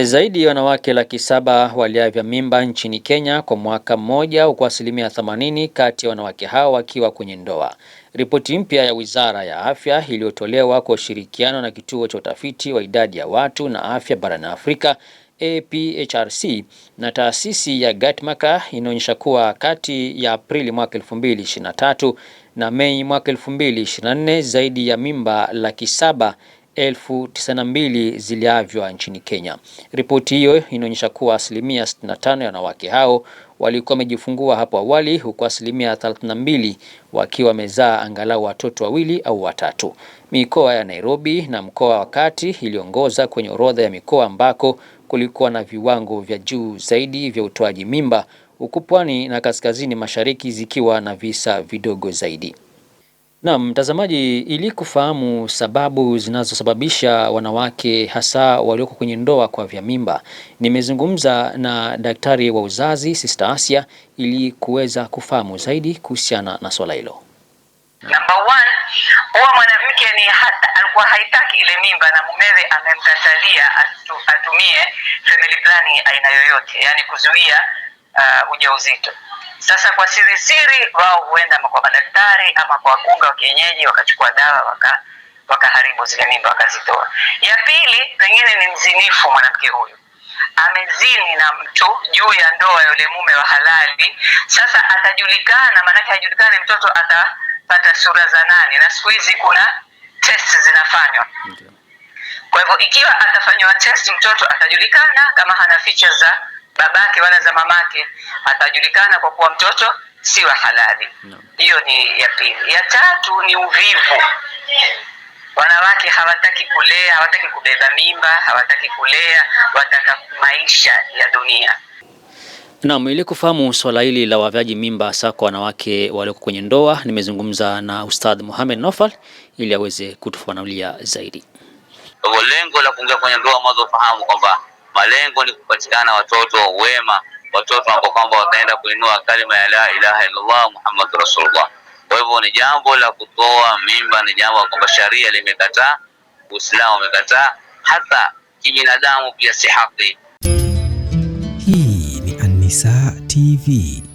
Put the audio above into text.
Zaidi ya wanawake laki saba waliavya mimba nchini Kenya kwa mwaka mmoja, huku asilimia 80 kati ya wanawake hao wakiwa kwenye ndoa. Ripoti mpya ya Wizara ya Afya iliyotolewa kwa ushirikiano na Kituo cha Utafiti wa Idadi ya Watu na Afya barani Afrika APHRC na taasisi ya Gatmaka inaonyesha kuwa kati ya Aprili mwaka 2023 na Mei mwaka 2024 zaidi ya mimba laki saba 1092 ziliavywa nchini Kenya. Ripoti hiyo inaonyesha kuwa asilimia 65 ya wanawake hao walikuwa wamejifungua hapo awali, huku asilimia 32 wakiwa wamezaa angalau watoto wawili au watatu. Mikoa ya Nairobi na mkoa wa Kati iliongoza kwenye orodha ya mikoa ambako kulikuwa na viwango vya juu zaidi vya utoaji mimba, huku pwani na kaskazini mashariki zikiwa na visa vidogo zaidi. Na mtazamaji, ili kufahamu sababu zinazosababisha wanawake hasa walioko kwenye ndoa kuavya mimba, nimezungumza na daktari wa uzazi Sister Asia ili kuweza kufahamu zaidi kuhusiana na swala hilo. Number one, huwa mwanamke ni hata alikuwa haitaki ile mimba na mumewe amemkatalia atumie family planning aina yoyote, yani kuzuia uh, ujauzito sasa kwa siri siri, wao huenda kwa madaktari ama kwa wakunga wa kienyeji wakachukua dawa waka wakaharibu zile mimba wakazitoa. Ya pili, pengine ni mzinifu mwanamke huyu amezini na mtu juu ya ndoa yule mume wa halali. Sasa atajulikana, maanake hajulikani mtoto atapata sura za nani, na siku hizi kuna test zinafanywa Kwa hivyo ikiwa atafanywa test mtoto atajulikana kama hana features za babake wala za mamake, atajulikana kwa kuwa mtoto si wa halali. Hiyo no. ni ya pili. Ya tatu ni uvivu. Wanawake hawataki kulea, hawataki kubeba mimba, hawataki kulea, wataka maisha ya dunia. Naam, ili kufahamu swala hili la wavyaji mimba hasa kwa wanawake walioko kwenye ndoa, nimezungumza na Ustadh Mohamed Nofal ili aweze kutufafanulia zaidi lengo la kuingia kwenye ndoa. Mwanzo ufahamu kwamba Malengo ni kupatikana watoto wema, watoto ambao kwamba wataenda kuinua kalima ya la ilaha illallah muhammadur rasulullah. Kwa hivyo ni jambo la kutoa mimba, ni jambo kwamba sharia limekataa, Uislamu umekataa, hata kibinadamu pia si haki. Hii ni an TV.